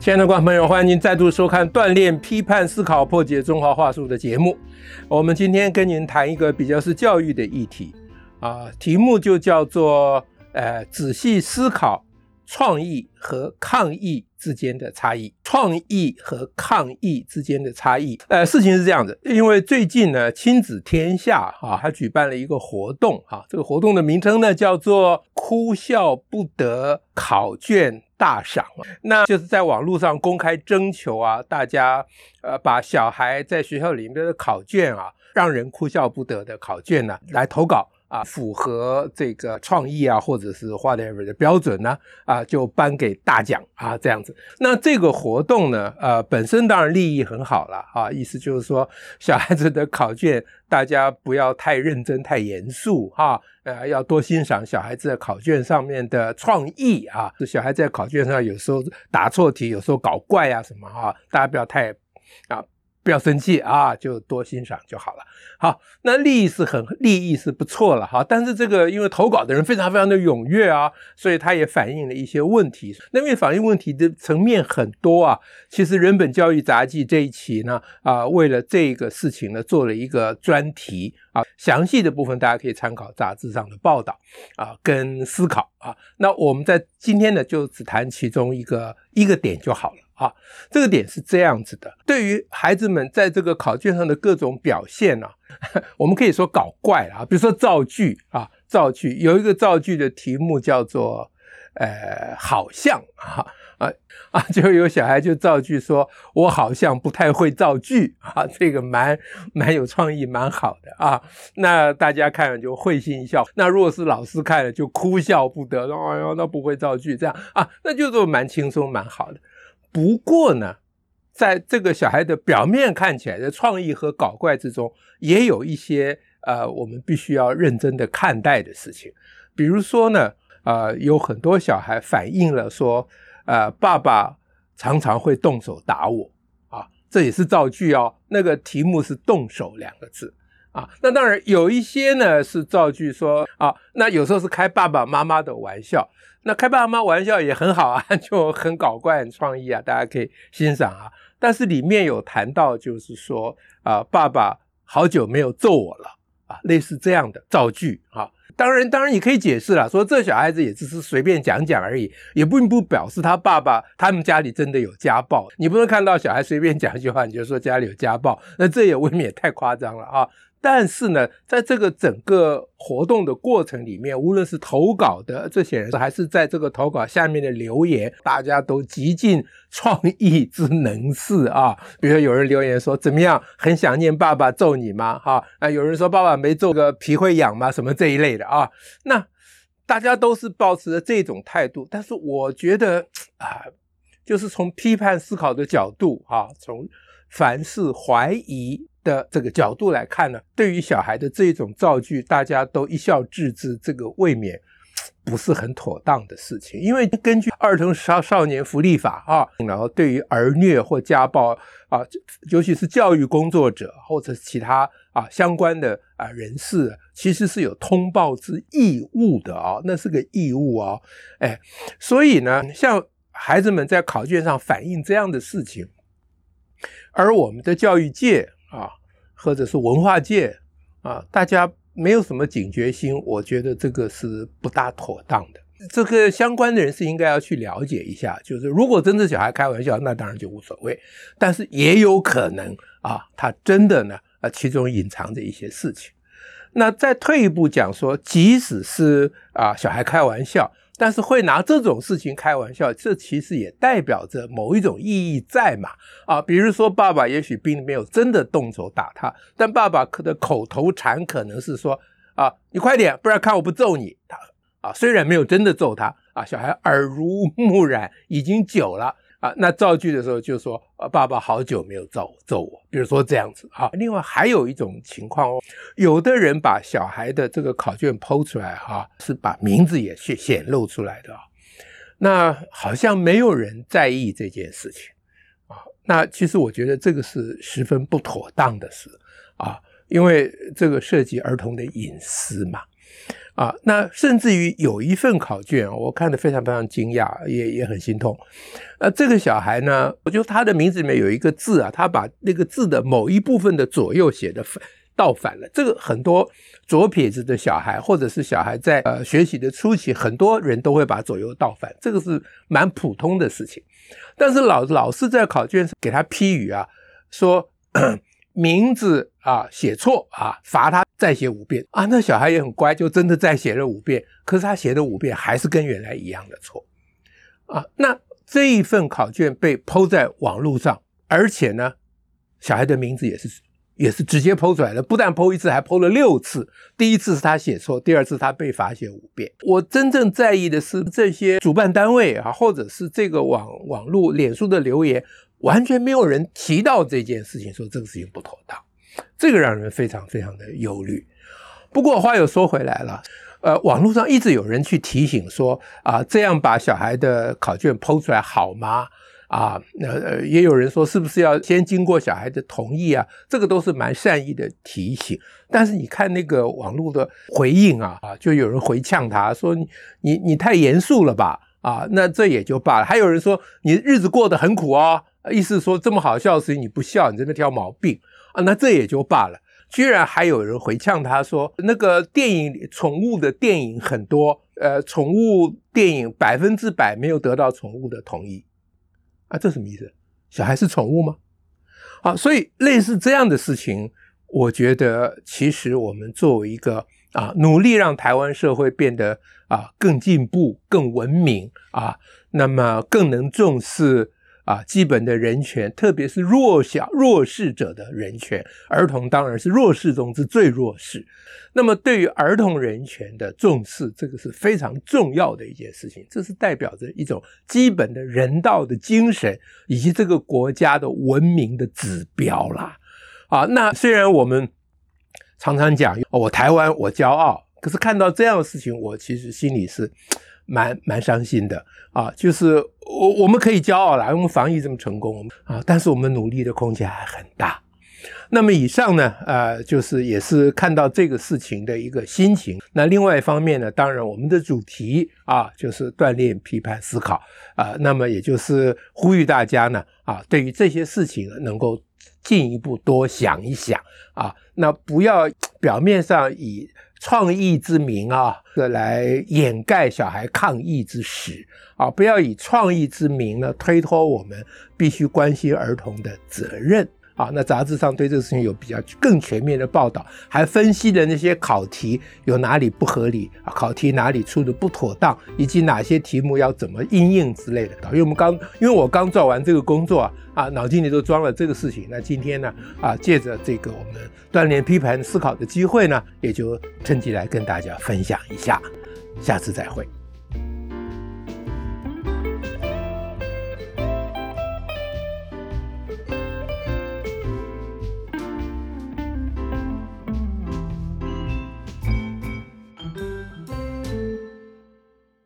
親愛的觀眾朋友，歡迎您再度收看《鍛鍊批判思考，破解中華話術》的節目。我們今天跟您談一個比較是教育的議題，啊，題目就叫做“呃，仔細思考”。創意和抗議之間的差異，創意和抗議之間的差異。呃，事情是這樣子，因為最近呢，親子天下啊，他舉辦了一個活動啊，這個活動的名稱呢，叫做“哭笑不得考卷大賞”，那就是在網絡上公開徵求啊，大家呃把小孩在學校裡面的考卷啊，讓人哭笑不得的考卷呢，啊，來投稿。啊，符合這個創意啊，或者是 whatever 的標準呢？啊，啊，就頒給大獎啊，這樣子。那這個活動呢，呃，本身當然立意很好了啊，意思就是說，小孩子的考卷大家不要太認真、太嚴肅哈，啊，呃，要多欣賞小孩子的考卷上面的創意啊。小孩子在考卷上有時候答錯題，有時候搞怪啊什麼啊，大家不要太啊。不要生氣啊，就多欣賞就好了。好，那立意是很立意是不錯了哈，啊，但是這個因為投稿的人非常非常的踴躍啊，所以他也反映了一些問題。那面反映問題的層面很多啊，其實《人本教育札記》這一期呢，啊，為了這個事情呢，做了一個專題啊，詳細的部分大家可以參考雜誌上的報道啊，跟思考啊。那我們在今天呢，就只談其中一個一個點就好了。啊，這個點是這樣子的。對於孩子們在這個考卷上的各種表現呢、啊，我們可以說搞怪啊，比如說造句啊，造句有一個造句的題目叫做“呃，好像啊啊啊”，就有小孩就造句說：“我好像不太會造句啊。”這個蠻蠻有創意，蠻好的啊。那大家看了就會心一笑，那如果是老師看了就哭笑不得，哦喲，那、哎、不會造句這樣啊，那就是蠻輕鬆，蠻好的。不過呢，在這個小孩的表面看起來的創意和搞怪之中，也有一些呃，我們必須要認真的看待的事情。比如說呢，呃，有很多小孩反映了說，呃，爸爸常常會動手打我，啊，這也是造句哦。那個題目是“動手”兩個字。啊，那當然有一些呢，是造句說啊，那有時候是開爸爸媽媽的玩笑，那開爸媽玩笑也很好啊，就很搞怪、很創意啊，大家可以欣賞啊。但是裡面有談到，就是說啊，爸爸好久沒有揍我了啊，類似這樣的造句啊。當然，當然你可以解釋了，說這小孩子也只是隨便講講而已，也並不，不表示他爸爸他們家裡真的有家暴。你不能看到小孩隨便講一句話，你就說家裡有家暴，那這也未免也太誇張了啊！但是呢，在這個整個活動的過程裡面，無論是投稿的這些人，還是在這個投稿下面的留言，大家都極盡創意之能事啊。比如說有人留言說怎麼樣，很想念爸爸揍你嗎？哈，啊，那有人說爸爸沒揍個皮會癢嗎？什麼這一類的。啊，那大家都是抱持着這種態度，但是我覺得啊、呃，就是從批判思考的角度啊，從凡事懷疑的這個角度來看呢，對於小孩的這種造句，大家都一笑置之，這個未免，不是很妥當的事情，因為根據《兒童少少年福利法》啊，然後對於兒虐或家暴啊，尤其是教育工作者或者其他啊相關的啊人士，其實是有通報之義務的啊、哦，那是個義務啊、哦，哎，所以呢，像孩子們在考卷上反映這樣的事情，而我們的教育界啊，或者是文化界啊，大家。沒有什麼警覺心，我覺得這個是不大妥當的。這個相關的人士應該要去了解一下。就是如果真的小孩開玩笑，那當然就無所謂；但是也有可能啊，他真的呢，啊，其中隱藏着一些事情。那再退一步講說，說即使是啊小孩開玩笑，但是會拿這種事情開玩笑，這其實也代表着某一種意義在嘛啊，比如說爸爸也許並沒有真的動手打他，但爸爸可的口頭禪可能是說，啊你快點，不然看我不揍你啊，雖然沒有真的揍他啊，小孩耳濡目染已經久了。啊，那造句的時候就說，呃、啊，爸爸好久沒有揍我揍我，比如說這樣子啊。另外還有一種情況哦，有的人把小孩的這個考卷 PO 出來哈、啊，是把名字也去顯露出來的啊。那好像沒有人在意這件事情啊。那其實我覺得這個是十分不妥當的事啊，因為這個涉及兒童的隱私嘛。啊，那甚至於有一份考卷，我看得非常非常驚訝，也也很心痛。呃，這個小孩呢，我覺得他的名字裡面有一個字啊，他把那個字的某一部分的左右寫的倒反了。這個很多左撇子的小孩，或者是小孩在呃學習的初期，很多人都會把左右倒反，這個是蠻普通的事情。但是老老師在考卷上給他批語啊，說 名字啊寫錯啊，罰他。再寫五遍啊！那小孩也很乖，就真的再寫了五遍。可是他寫的五遍，還是跟原來一樣的錯啊！那這一份考卷被 PO 在網絡上，而且呢，小孩的名字也是也是直接 PO 出來的，不但 PO 一次，還 PO 了六次。第一次是他寫錯，第二次是他被罰寫五遍。我真正在意的是這些主辦單位啊，或者是這個網網絡、臉書的留言，完全沒有人提到這件事情說，說這個事情不妥當。這個讓人非常非常的憂慮。不過話又說回來了，呃，網絡上一直有人去提醒說，啊，這樣把小孩的考卷剖出來好嗎？啊，那、呃、也有人說是不是要先經過小孩的同意啊？這個都是蠻善意的提醒。但是你看那個網絡的回應啊，啊，就有人回嗆他說你你，你太嚴肅了吧？啊，那這也就罷了。還有人說你日子過得很苦哦，意思說這麼好笑的事情你不笑，你在那挑毛病。啊，那這也就罷了，居然還有人回嗆他說，那個電影寵物的電影很多，呃，寵物電影百分之百沒有得到寵物的同意，啊，這什麼意思？小孩是寵物嗎？好，啊，所以類似這樣的事情，我覺得其實我們作為一個啊，努力讓台灣社會變得啊更進步、更文明啊，那麼更能重視。啊，基本的人權，特別是弱小弱勢者的人權，兒童當然是弱勢中之最弱勢。那麼，對於兒童人權的重視，這個是非常重要的一件事情。這是代表着一種基本的人道的精神，以及這個國家的文明的指標啦。啊，那雖然我們常常講，哦，我台灣我驕傲，可是看到這樣的事情，我其實心裡是蠻蠻傷心的啊，就是我我們可以驕傲了，我們防疫這麼成功，啊，但是我們努力的空間還很大。那麼以上呢，呃，就是也是看到這個事情的一個心情。那另外一方面呢，當然我們的主題啊，就是鍛鍊批判思考啊，那麼也就是呼籲大家呢，啊，對於這些事情能夠進一步多想一想啊，那不要表面上以創意之名啊，是來掩蓋小孩抗議之實啊！不要以創意之名呢，推脫我們必須關心兒童的責任。啊，那雜誌上對這個事情有比較更全面的報道，還分析的那些考題有哪裡不合理，啊，考題哪裡出的不妥當，以及哪些題目要怎麼應用之類的。因為我們剛，因為我剛做完這個工作啊，腦筋裡都裝了這個事情。那今天呢，啊，借着這個我們鍛鍊批判思考的機會呢，也就趁機來跟大家分享一下。下次再會。